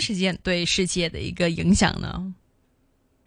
事件對世界的一個影響呢？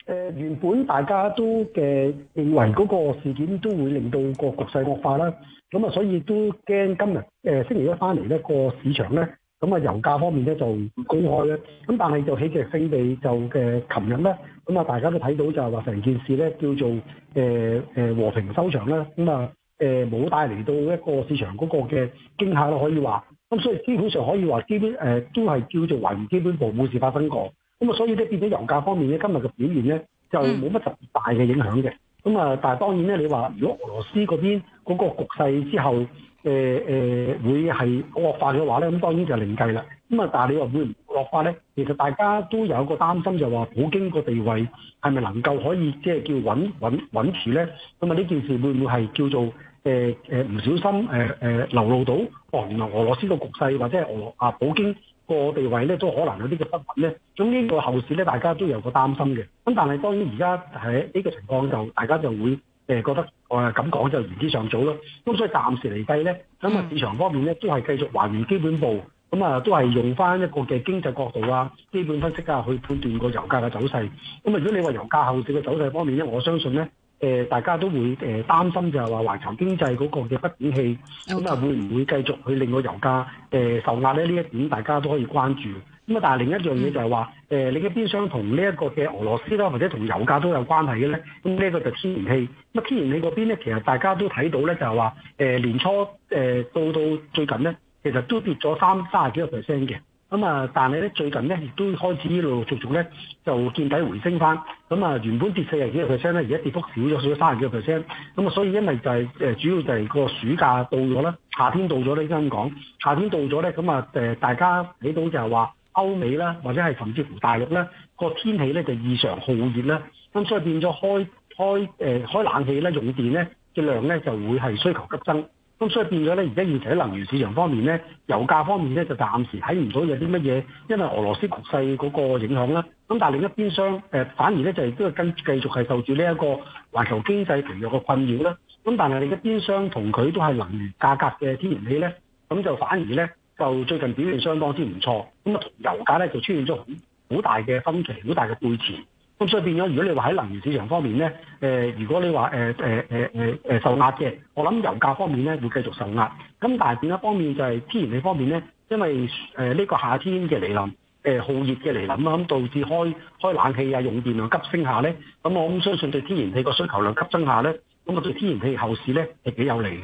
誒、呃，原本大家都嘅認為嗰個事件都會令到個局勢惡化啦，咁啊，所以都驚今日誒、呃、星期一翻嚟呢個市場咧，咁、嗯、啊油價方面咧就唔高開咧，咁但係就喜劇性地就嘅琴日咧，咁、嗯、啊大家都睇到就係話成件事咧叫做誒誒、呃、和平收場啦，咁啊誒冇帶嚟到一個市場嗰個嘅驚嚇咯，可以話。咁所以基本上可以話，基本誒都係叫做還原基本步，冇事發生過。咁啊，所以咧，變咗油價方面咧，今日嘅表現咧，就冇乜特別大嘅影響嘅。咁啊，但係當然咧，你話如果俄羅斯嗰邊嗰個局勢之後誒誒、呃、會係惡化嘅話咧，咁當然就另計啦。咁啊，但係你話會唔會惡化咧？其實大家都有個擔心，就話普京個地位係咪能夠可以即係叫穩穩穩住咧？咁啊，呢這件事會唔會係叫做？誒誒唔小心誒誒、呃呃、流露到哦，原來俄羅斯個局勢或者係俄羅啊普京個地位咧都可能有啲嘅不穩咧，總之個後市咧大家都有個擔心嘅。咁但係當然而家喺呢個情況就大家就會誒、呃、覺得誒咁講就言之尚早咯。咁所以暫時嚟計咧，咁啊市場方面咧都係繼續還原基本步，咁啊都係用翻一個嘅經濟角度啊、基本分析啊去判斷個油價嘅走勢。咁啊如果你話油價後市嘅走勢方面咧，我相信咧。誒，大家都會誒擔心就係話環球經濟嗰個嘅不景氣，咁啊會唔會繼續去令個油價誒、呃、受壓咧？呢一點大家都可以關注。咁啊，但係另一樣嘢就係話，誒、呃，另一邊廂同呢一個嘅俄羅斯啦，或者同油價都有關係嘅咧，咁、這、呢個就是天然氣。咁啊，天然氣嗰邊咧，其實大家都睇到咧，就係話，誒年初誒、呃、到到最近咧，其實都跌咗三、三十幾個 percent 嘅。的咁啊，但係咧最近咧，亦都開始一路陸陸續續咧就見底回升翻。咁啊，原本跌四十幾個 percent 咧，而家跌幅少咗少咗三十幾個 percent。咁啊，所以因為就係、呃、主要就係個暑假到咗啦，夏天到咗咧咁講。夏天到咗咧，咁啊大家睇到就係話歐美啦，或者係甚至乎大陸啦，個天氣咧就異常酷熱啦。咁所以變咗開開、呃、開冷氣咧，用電咧嘅量咧就會係需求急增。咁所以變咗咧，而家現時喺能源市場方面咧，油價方面咧就暫時睇唔到有啲乜嘢，因為俄羅斯局勢嗰個影響啦。咁但另一邊商反而咧就係都係跟繼續係受住呢一個環球經濟疲弱嘅困擾啦。咁但係另一邊商同佢都係能源價格嘅天然氣咧，咁就反而咧就最近表現相當之唔錯。咁啊同油價咧就出現咗好大嘅分歧，好大嘅背離。咁所以變咗，如果你話喺能源市場方面咧，誒、呃，如果你話誒、呃呃呃呃、受壓嘅，我諗油價方面咧會繼續受壓。咁但係另一方面就係天然氣方面咧，因為呢個夏天嘅嚟臨，好、呃、酷熱嘅嚟臨啦，咁導致開開冷氣啊、用電量、啊、急升下咧，咁我咁相信對天然氣個需求量急增下咧，咁啊對天然氣後市咧係幾有利嘅。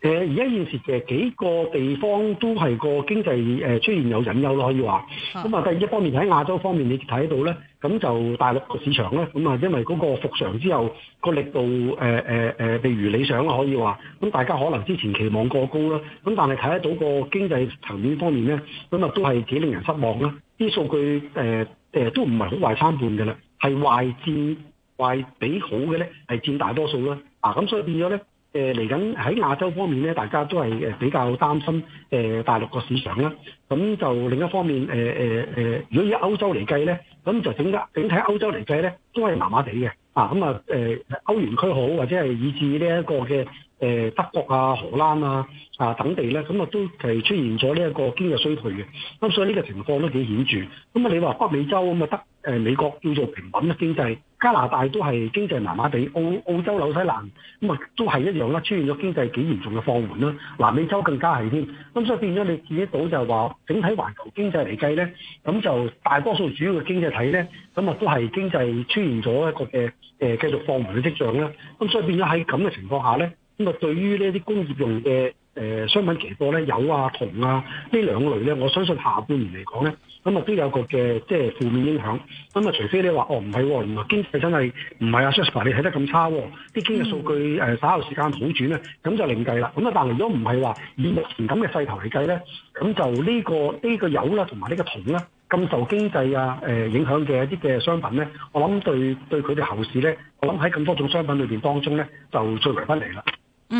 誒而家現時誒幾個地方都係個經濟誒出現有隱憂咯，可以話。咁啊，第一方面喺亞洲方面，你睇到咧，咁就大陸個市場咧，咁啊，因為嗰個復常之後個力度誒誒誒，不如理想咯，可以話。咁大家可能之前期望過高啦，咁但係睇得到個經濟層面方面咧，咁啊都係幾令人失望啦。啲數據誒誒都唔係好壞參半嘅啦，係壞佔壞比好嘅咧，係佔大多數啦。啊，咁所以變咗咧。誒嚟緊喺亞洲方面咧，大家都係比較擔心誒、呃、大陸個市場啦。咁就另一方面誒誒誒，如果以歐洲嚟計咧，咁就整間整體歐洲嚟計咧，都係麻麻地嘅。啊，咁啊誒、啊、歐元區好，或者係以至呢一個嘅誒德國啊、荷蘭啊啊等地咧，咁啊都係出現咗呢一個經濟衰退嘅。咁所以呢個情況都幾顯著。咁啊，你話北美洲咁啊得？誒美國叫做平穩嘅經濟，加拿大都係經濟麻麻地，澳澳洲紐西蘭咁啊，都係一樣啦，出現咗經濟幾嚴重嘅放緩啦，南美洲更加係添，咁所以變咗你見得到就係話，整體環球經濟嚟計咧，咁就大多數主要嘅經濟體咧，咁啊都係經濟出現咗一個嘅誒繼續放緩嘅跡象啦，咁所以變咗喺咁嘅情況下咧，咁啊對於呢啲工業用嘅。誒商品期貨咧，油啊、銅啊呢兩類咧，我相信下半年嚟講咧，咁啊都有個嘅即係負面影響。咁啊，除非你話哦，唔係喎，原來經濟真係唔係啊，Shakespeare，、mm. 你睇得咁差喎、哦，啲經濟數據誒稍後時間好轉咧，咁就另計啦。咁啊，但係如果唔係話以目前咁嘅勢頭嚟計咧，咁就呢、這個呢、這個、啊、油啦、啊，同埋呢個銅啦，咁受經濟啊、呃、影響嘅一啲嘅商品咧，我諗對對佢哋後市咧，我諗喺咁多種商品裏面當中咧，就最為不利啦。Mm.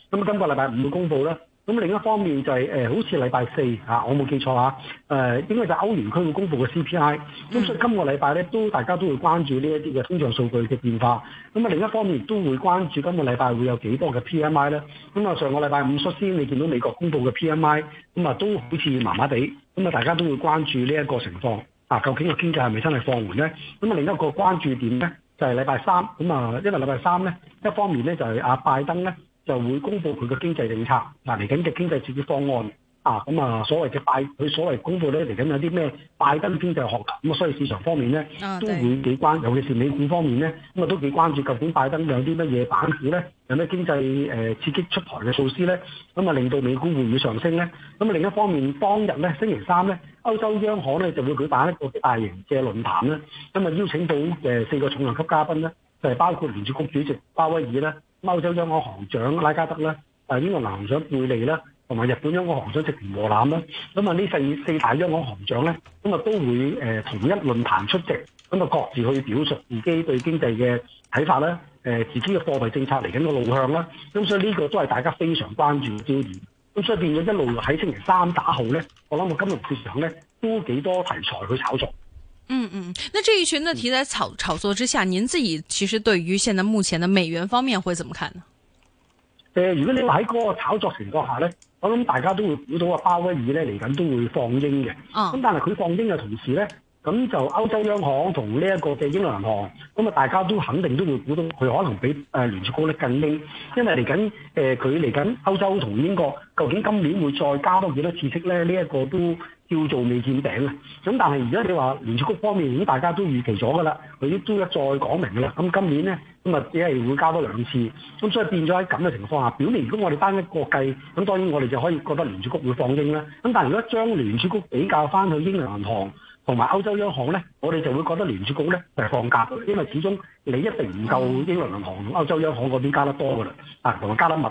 咁啊，今個禮拜五會公布啦。咁另一方面就係誒，好似禮拜四啊，我冇記錯啊，誒，應該就歐元區會公布嘅 CPI。咁所以今個禮拜咧，都大家都會關注呢一啲嘅通脹數據嘅變化。咁啊，另一方面都會關注今個禮拜會有幾多嘅 PMI 咧。咁啊，上個禮拜五率先，你見到美國公布嘅 PMI，咁啊，都好似麻麻地。咁啊，大家都會關注呢一個情況啊，究竟個經濟係咪真係放緩咧？咁啊，另一個關注點咧，就係禮拜三。咁啊，因為禮拜三咧，一方面咧就係阿拜登咧。就會公布佢嘅經濟政策，嗱嚟緊嘅經濟刺激方案啊，咁啊，所謂嘅拜佢所謂公布咧嚟緊有啲咩拜登經濟學咁啊，所以市場方面咧、啊、都會幾關，尤其是美股方面咧咁啊，都幾關注究竟拜登有啲乜嘢板子咧，有咩經濟誒、呃、刺激出台嘅措施咧，咁、嗯、啊令到美股會唔會上升咧？咁、嗯、啊另一方面，當日咧星期三咧，歐洲央行咧就會舉辦一個大型嘅論壇咧，咁、嗯、啊邀請到誒四個重量級嘉賓咧，就係、是、包括聯儲局主席鮑威爾咧。歐洲央行長拉加德咧，誒英國央行長貝利啦，同埋日本央行長植田和男啦，咁啊呢四四大央行長咧，咁啊都會誒同一論壇出席，咁啊各自去表述自己對經濟嘅睇法呢，自己嘅貨幣政策嚟緊個路向啦，咁所以呢個都係大家非常關注嘅焦點，咁所以變咗一路喺星期三打號咧，我諗個金融市場咧都幾多題材去炒作。嗯嗯，那這一群的題材炒炒作之下，您自己其實對於現在目前的美元方面會怎麼看呢？誒、呃，如果你話喺個炒作情況下呢，我諗大家都會估到阿鮑威爾呢嚟緊都會放鷹嘅。咁、嗯、但係佢放鷹嘅同時呢，咁就歐洲央行同呢一個嘅英格蘭銀行，咁啊大家都肯定都會估到佢可能比誒聯儲局咧更鷹，因為嚟緊誒佢嚟緊歐洲同英國，究竟今年會再加多幾多次息呢？呢、這、一個都。叫做未見頂啊！咁但係而家你話聯儲局方面，已經大家都預期咗㗎啦，佢都都一再講明㗎啦。咁今年呢，咁啊只係會加多兩次。咁所以變咗喺咁嘅情況下，表面如果我哋單一個計，咁當然我哋就可以覺得聯儲局會放鷹啦。咁但係如果將聯儲局比較翻去英倫銀行同埋歐洲央行呢，我哋就會覺得聯儲局呢就係放鴿，因為始終你一定唔夠英倫銀行同歐洲央行嗰邊加得多㗎啦，啊同埋加得密。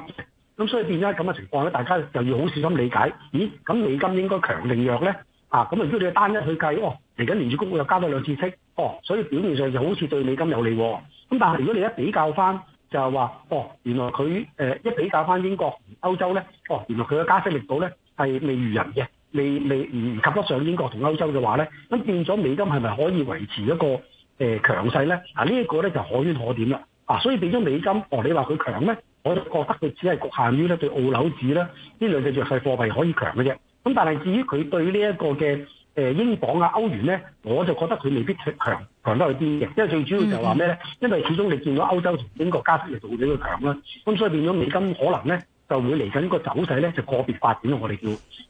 咁所以變咗喺咁嘅情況咧，大家就要好小心理解。咦？咁美金應該強定弱咧？啊！咁如果你單一去計哦，嚟緊聯儲局又加咗兩次息，哦，所以表面上就好似對美金有利，哦。咁但係如果你一比較翻，就係話哦，原來佢一比較翻英國、歐洲咧，哦，原來佢嘅、呃哦、加息力度咧係未如人嘅，未未唔及得上英國同歐洲嘅話咧，咁變咗美金係咪可以維持一個誒、呃、強勢咧？呢、啊、一、這個咧就可圈可點啦。啊，所以變咗美金，哦，你話佢強咧？我就覺得佢只係局限於咧，對澳紐紙咧呢兩隻弱勢貨幣可以強嘅啫。咁但係至於佢對呢一個嘅誒英鎊啊、歐元咧，我就覺得佢未必強強得去邊嘅。因為最主要就話咩咧？嗯、因為始終你見到歐洲同英國加息係度會比佢強啦。咁所以變咗美金可能咧就會嚟緊個走勢咧就個別發展啊！我哋叫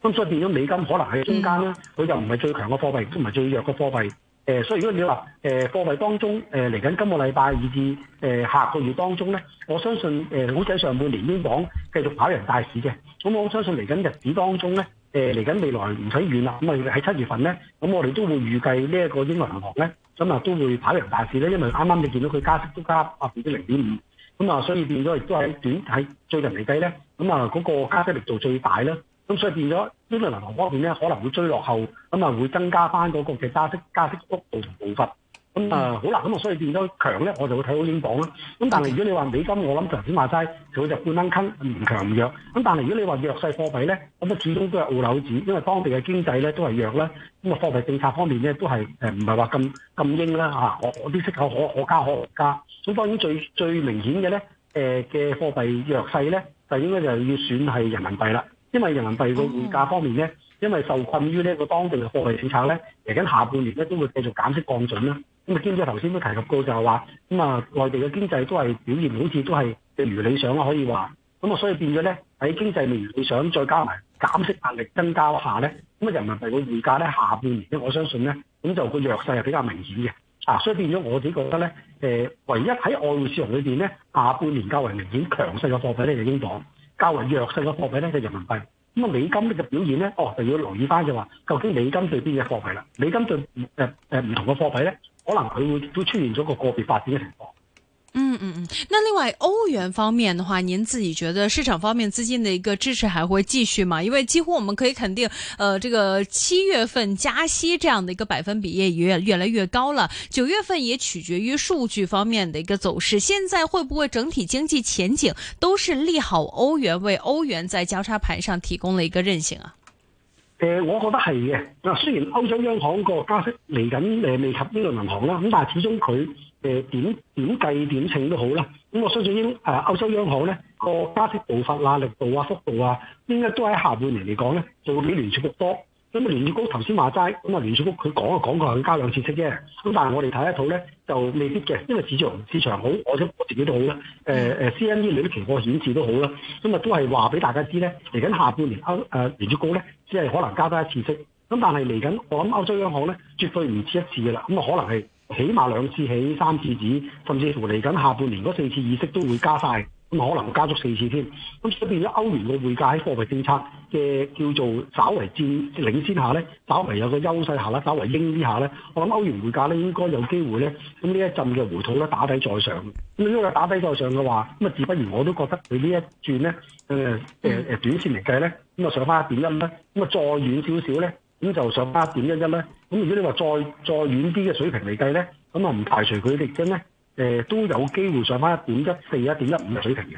咁所以變咗美金可能喺中間啦，佢就唔係最強嘅貨幣，亦都唔係最弱嘅貨幣。呃、所以如果你話誒貨幣當中嚟緊今個禮拜以至、呃、下個月當中咧，我相信誒、呃、好似上半年英鎊繼續跑贏大市嘅。咁我相信嚟緊日子當中咧，嚟、呃、緊未來唔使遠啦。咁啊喺七月份咧，咁我哋都會預計呢一個英國銀行咧，咁啊都會跑贏大市咧。因為啱啱你見到佢加息都加百分之零點五，咁啊所以變咗亦都喺短喺最近嚟計咧，咁啊嗰個加息力度最大啦。咁所以變咗，呢兩銀行方面咧，可能會追落後，咁啊會增加翻嗰個嘅加息加息幅度同步伐。咁啊好難咁啊，所以變咗強咧，我就會睇好英鎊啦。咁但係如果你話美金，我諗頭先話齋佢會就半掹坑，唔強唔弱。咁但係如果你話弱勢貨幣咧，咁啊始終都係澳樓子，因為當地嘅經濟咧都係弱啦。咁啊貨幣政策方面咧都係誒唔係話咁咁英啦嚇、啊。我我啲息口可可加可唔加。咁當然最最明顯嘅咧，誒、呃、嘅貨幣弱勢咧，就應該就要選係人民幣啦。因為人民幣個匯價方面咧，因為受困於呢個當地嘅貨幣政策咧，嚟緊下半年咧都會繼續減息降準啦。咁啊，兼且頭先都提及過就係話，咁啊，內地嘅經濟都係表現好似都係不如理想啦，可以話。咁啊，所以變咗咧喺經濟未理想，再加埋減息壓力增加下咧，咁啊，人民幣個匯價咧，下半年咧，我相信咧，咁就個弱勢係比較明顯嘅。啊，所以變咗我自己覺得咧，誒、呃，唯一喺外匯市場裏邊咧，下半年較為明顯強勢嘅貨幣咧就係英較為弱勢嘅貨幣咧，就是、人民幣。咁啊，美金呢個表現咧，哦，就要留意返就話，究竟美金對邊嘅貨幣啦？美金對誒誒唔同嘅貨幣咧，可能佢會都出現咗個個別發展嘅情況。嗯嗯嗯，那另外歐元方面的話，您自己覺得市場方面資金的一個支持還會繼續嗎？因為幾乎我們可以肯定，呃，這個七月份加息這樣的一個百分比也越越來越高了。九月份也取決於數據方面的一個走勢。現在會不會整體經濟前景都是利好歐元，為歐元在交叉盤上提供了一個韌性啊？呃，我覺得係嘅。那雖然歐洲央行個加息嚟緊，誒，未及英格蘭銀行啦，咁但係始終佢。誒點點計點稱都好啦，咁我相信英誒、呃、歐洲央行咧個加息步伐啊、力度啊、幅度啊，應該都喺下半年嚟講咧，就會比聯儲局多。咁、嗯、啊，聯儲局頭先話齋，咁、嗯、啊聯儲局佢講就講過係加兩次息啫。咁、嗯、但係我哋睇一套咧就未必嘅，因為市場市場好，我我我自己都好啦。誒、呃、誒、嗯呃、C M E 你啲期貨顯示都好啦。咁、嗯、啊、嗯、都係話俾大家知咧，嚟緊下，下半年歐誒、呃、聯儲局咧，只係可能加多一次息。咁、嗯、但係嚟緊我諗歐洲央行咧，絕對唔止一次噶啦。咁、嗯、啊可能係。起碼兩次起，三次止，甚至乎嚟緊下半年嗰四次議息都會加曬，咁可能加足四次添。咁所以變咗歐元嘅匯價喺貨幣政策嘅叫做稍為佔領先下咧，稍為有個優勢下咧，稍為鷹啲下咧，我諗歐元匯價咧應該有機會咧，咁呢一陣嘅回吐咧打底再上。咁如果打底再上嘅話，咁啊，自不如我都覺得佢呢一轉咧，誒、呃呃、短線嚟計咧，咁啊上翻一點一啦，咁啊再遠少少咧，咁就上翻一點一一啦。咁如果你話再再遠啲嘅水平嚟計咧，咁啊唔排除佢力爭咧、呃，都有機會上返一點一四、一點一五嘅水平嘅。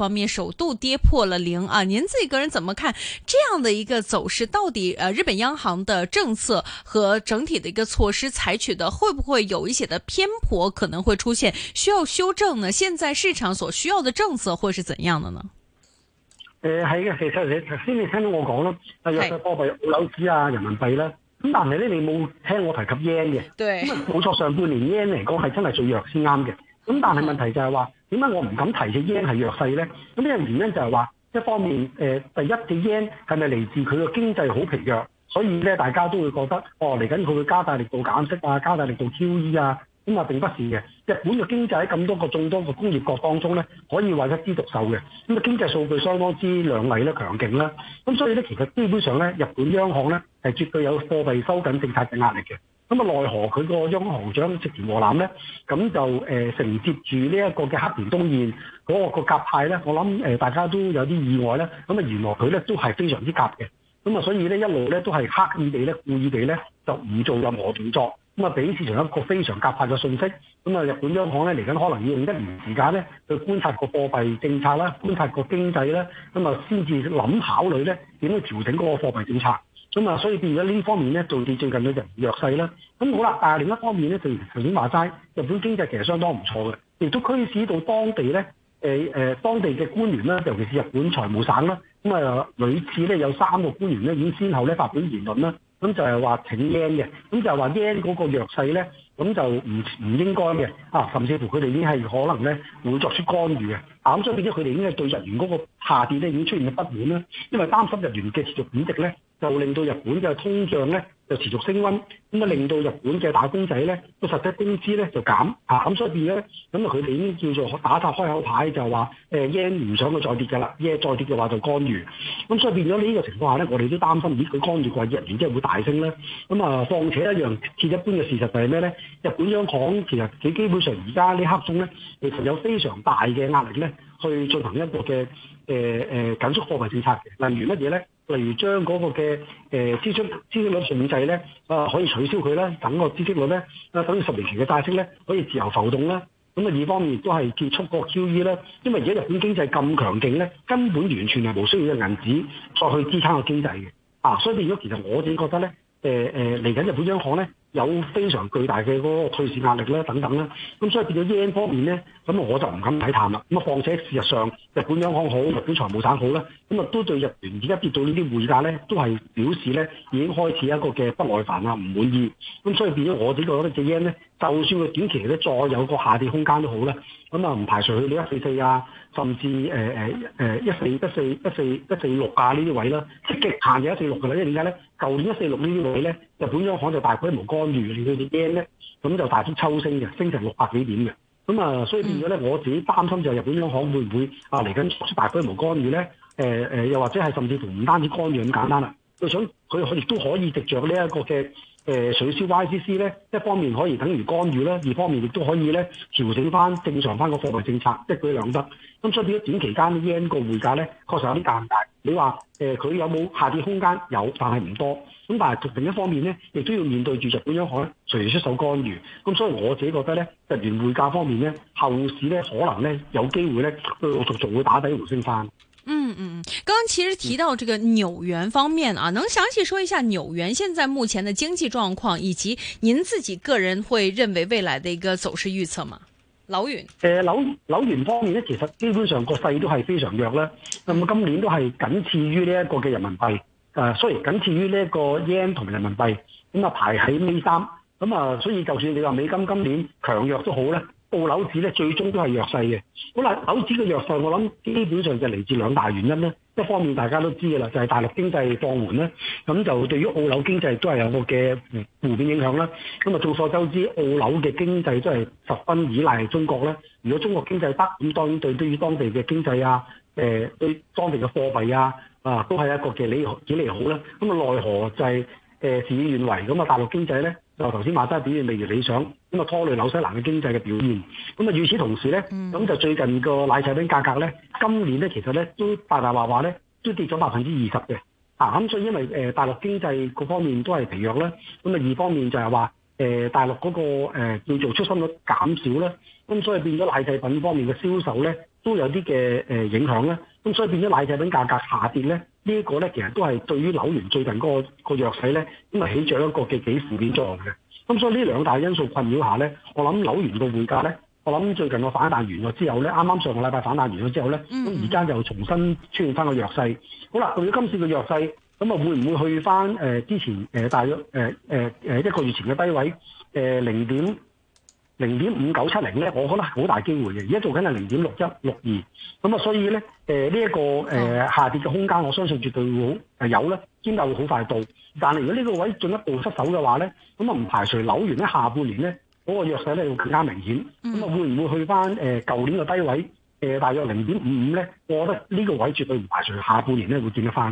方面首度跌破了零啊！您自己個人怎麼看這樣的一個走勢？到底呃、啊，日本央行的政策和整體的一個措施採取的，會不會有一些的偏頗，可能會出現需要修正呢？現在市場所需要的政策會是怎樣的呢？呃，係嘅，其實你頭先你聽到我講咯，係弱勢貨幣，日元啊、人民幣啦，咁的、啊、但係咧，你冇聽我提及 yen 嘅，對，冇錯，上半年 yen 嚟講係真係最弱先啱嘅。咁但係問題就係話點解我唔敢提嘅 yen 係弱勢呢？咁呢樣原因就係話一方面、呃、第一嘅 yen 係咪嚟自佢個經濟好疲弱？所以咧大家都會覺得哦嚟緊佢會加大力度減息啊，加大力度 QE 啊，咁啊，並不是嘅。日本嘅經濟喺咁多個眾多個工業國當中咧，可以話一枝獨秀嘅。咁啊，經濟數據相當之亮麗咧強勁啦、啊。咁所以咧其實基本上咧，日本央行咧係絕對有貨幣收緊政策嘅壓力嘅。咁啊，奈何佢個央行長直田和男咧，咁就誒、呃、承接住呢一個嘅黑田東彥嗰個個鴿派咧，我諗大家都有啲意外咧。咁啊，原來佢咧都係非常之鴿嘅。咁啊，所以咧一路咧都係刻意地咧、故意地咧，就唔做任何動作。咁啊，俾市場一個非常鴿派嘅信息。咁啊，日本央行咧嚟緊可能要用一年時間咧，去觀察個貨幣政策啦、觀察個經濟咧，咁啊先至諗考慮咧點去調整嗰個貨幣政策。咁啊，所以變咗呢方面咧，導致最近日圓弱勢啦。咁好啦，啊另一方面咧，就頭先話齋，日本經濟其實相當唔錯嘅，亦都驅使到當地咧，誒誒當地嘅官員啦，尤其是日本財務省啦，咁啊，屢次咧有三個官員咧已經先後咧發表言論啦，咁就係話日圓嘅，咁就話日圓嗰個弱勢咧，咁就唔唔應該嘅，啊，甚至乎佢哋已經係可能咧會作出干預嘅。咁所以變咗佢哋已經對日元嗰個下跌咧已經出現咗不滿啦，因為擔心日元嘅持續貶值咧。就令到日本嘅通脹咧，就持續升溫，咁啊令到日本嘅打工仔咧，個實際工資咧就減，嚇、啊、咁所以變咗，咁啊佢哋已經叫做打擦開口牌，就話誒唔想佢再跌嘅啦 yen 再跌嘅話就干預，咁、啊、所以變咗呢個情況下咧，我哋都擔心，咦佢干預嘅話 yen 然之後會大升咧，咁啊況且一樣鐵一般嘅事實就係咩咧？日本央行其實佢基本上而家呢一刻鐘咧，其實有非常大嘅壓力咧，去進行一個嘅誒誒緊縮貨幣政策嘅，例如乜嘢咧？例如將嗰個嘅誒資息資息率控制咧啊，可以取消佢啦。等個資息率咧啊，等於十年期嘅債息咧，可以自由浮動啦。咁啊，二方面都係結束個 QE 啦，因為而家日本經濟咁強勁咧，根本完全係無需要嘅銀紙再去支撐個經濟嘅啊。所以變咗，其實我自己覺得咧，誒誒嚟緊日本央行咧。有非常巨大嘅嗰個退市壓力咧，等等啦。咁所以變咗 yen 方面咧，咁我就唔敢睇淡啦。咁啊，況且事實上，日本央行好，日本財務省好咧，咁啊都對日元而家跌到呢啲匯價咧，都係表示咧已經開始一個嘅不耐煩啦，唔滿意。咁所以變咗我自己覺得呢隻 yen 咧，就算佢短期咧再有個下跌空間都好咧，咁啊唔排除去到一四四啊。甚至誒誒一四一四一四一四六啊呢啲位啦，即極限就一四六噶啦，因為點解咧？舊年一四六呢啲位咧，日本央行就大規模干預，你你驚咩？咁就大幅抽升嘅，升成六百幾點嘅。咁啊，所以變咗咧，我自己擔心就係日本央行會唔會啊嚟緊大規模干預咧？誒、呃呃、又或者係甚至乎唔單止干預咁簡單啦，佢想佢佢亦都可以藉着呢一個嘅。誒取消 YCC 咧，一方面可以等於干預啦，二方面亦都可以咧調整翻正常翻個貨幣政策，一舉兩得。咁所以喺短期間呢，日圓個匯價咧確實有啲尷尬。你話佢、呃、有冇下跌空間？有，但係唔多。咁但係另一方面咧，亦都要面對住日本央行隨時出手干預。咁所以我自己覺得咧，日元匯價方面咧，後市咧可能咧有機會咧，陸續會打底回升翻。嗯嗯，剛剛其實提到這個紐元方面啊，能詳細說一下紐元現在目前的經濟狀況，以及您自己個人會認為未來的一個走勢預測嗎？老允，誒紐紐元方面呢，其實基本上個勢都係非常弱啦，咁、嗯、啊、嗯、今年都係僅次於呢一個嘅人民幣，誒雖然僅次於呢一個 yen 同人民幣，咁啊排喺尾三，咁啊所以就算你話美金今年強弱都好咧。澳樓指咧最終都係弱勢嘅，好啦，樓指嘅弱勢，我諗基本上就嚟自兩大原因啦。一方面大家都知嘅啦，就係、是、大陸經濟放緩咧，咁就對於澳樓經濟都係有個嘅負負面影響啦。咁就眾所周知澳樓嘅經濟都係十分依賴中國啦。如果中國經濟得，咁當然對於當地嘅經濟啊，呃、對當地嘅貨幣啊，啊、呃、都係一個嘅利好啦。咁啊，奈何就係、是呃、事與願違。咁啊大陸經濟呢，就頭先話真係表現未如理想。咁啊拖累紐西蘭嘅經濟嘅表現，咁啊與此同時咧，咁就、嗯、最近個奶製品價格咧，今年咧其實咧都大大話話咧，都跌咗百分之二十嘅。啊，咁所以因為誒大陸經濟各方面都係疲弱啦，咁啊二方面就係話誒大陸嗰個叫做出生率減少啦，咁所以變咗奶製品方面嘅銷售咧都有啲嘅誒影響啦，咁所以變咗奶製品價格下跌咧，呢、這、一個咧其實都係對於紐元最近嗰個弱勢咧，咁啊起咗一個嘅幾負面作用嘅。咁、嗯、所以呢兩大因素困擾下咧，我諗紐元嘅匯價咧，我諗最近個反彈完咗之後咧，啱啱上個禮拜反彈完咗之後咧，咁而家又重新出現翻個弱勢。好啦，到咗今次嘅弱勢，咁啊會唔會去翻、呃、之前大約、呃呃、一個月前嘅低位誒零、呃、點零點五九七零咧？我覺得好大機會嘅。而家做緊係零點六一六二，咁啊所以咧呢一、呃這個、呃、下跌嘅空間，我相信絕對會、呃、有咧，兼夾會好快到。但係，如果呢個位進一步失守嘅話咧，咁啊唔排除紐元喺下半年咧嗰、嗰個弱勢咧會更加明顯。咁啊會唔會去翻誒舊年嘅低位？誒、呃、大約零點五五咧，我覺得呢個位絕對唔排除下半年咧會見得翻。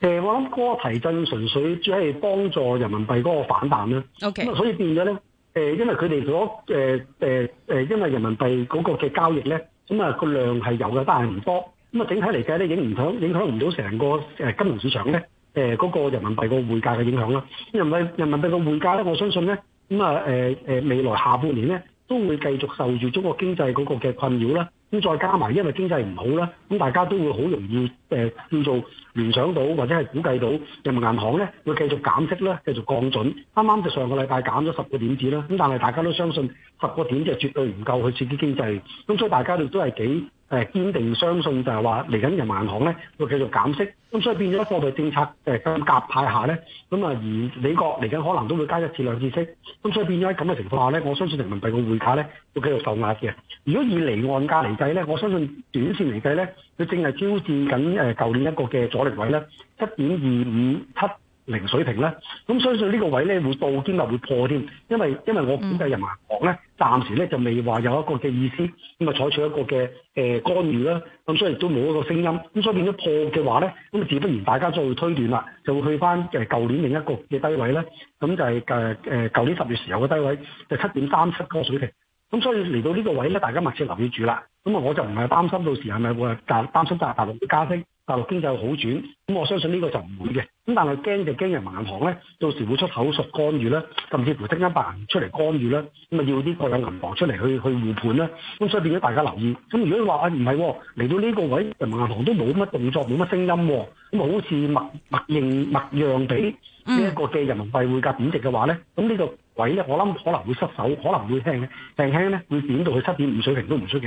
誒，我諗嗰個提振純粹只係幫助人民幣嗰個反彈啦。O K，咁所以變咗咧，因為佢哋嗰因為人民幣嗰個嘅交易咧，咁、那、啊個量係有嘅，但係唔多。咁啊，整體嚟計咧，影唔響，影響唔到成個金融市場咧，嗰、呃那個人民幣個匯價嘅影響啦。人民人民幣個匯價咧，我相信咧，咁、呃、啊未來下半年咧，都會繼續受住中國經濟嗰個嘅困擾啦。咁再加埋，因為經濟唔好啦，咁大家都會好容易誒叫做聯想到或者係估計到人民銀行咧會繼續減息啦，繼續降準。啱啱就上個禮拜減咗十個點子啦，咁但係大家都相信十個點就係絕對唔夠去刺激經濟，咁所以大家亦都係幾誒堅定相信就係話嚟緊人民銀行咧會繼續減息，咁所以變咗一個貨幣政策咁夾、呃、派下咧，咁啊而美國嚟緊可能都會加一次兩次息，咁所以變咗喺咁嘅情況下咧，我相信人民幣嘅匯價咧。都繼續受壓嘅。如果以離岸價嚟計咧，我相信短線嚟計咧，佢淨係挑戰緊誒舊年一個嘅阻力位咧，七點二五七零水平咧。咁、嗯、相信呢個位咧會到，兼又會破添。因為因為我估計、嗯、人民銀行咧，暫時咧就未話有一個嘅意思咁啊，採取一個嘅誒、呃、干預啦。咁所以亦都冇一個聲音。咁所以變咗破嘅話咧，咁啊，自不然大家就會推斷啦，就會去翻誒舊年另一個嘅低位咧。咁就係誒誒舊年十月時候嘅低位，就七點三七個水平。咁所以嚟到呢個位咧，大家密切留意住啦。咁啊，我就唔係擔心到時係咪會擔心大大陸嘅加息、大陸經濟會好轉。咁我相信呢個就唔會嘅。咁但係驚就驚人民銀行咧，到時會出口術干預啦，甚至乎徵一百人出嚟干預啦。咁啊，要啲國有銀行出嚟去去護盤啦。咁所以變咗大家留意。咁如果你話啊，唔係嚟到呢個位，人民銀行都冇乜動作，冇乜聲音、哦。咁好似默默認默讓俾呢一個嘅人民幣匯價貶值嘅話咧，咁呢度。我諗可能會失手，可能會輕嘅，定輕咧，會點到去七點五水平都唔出奇。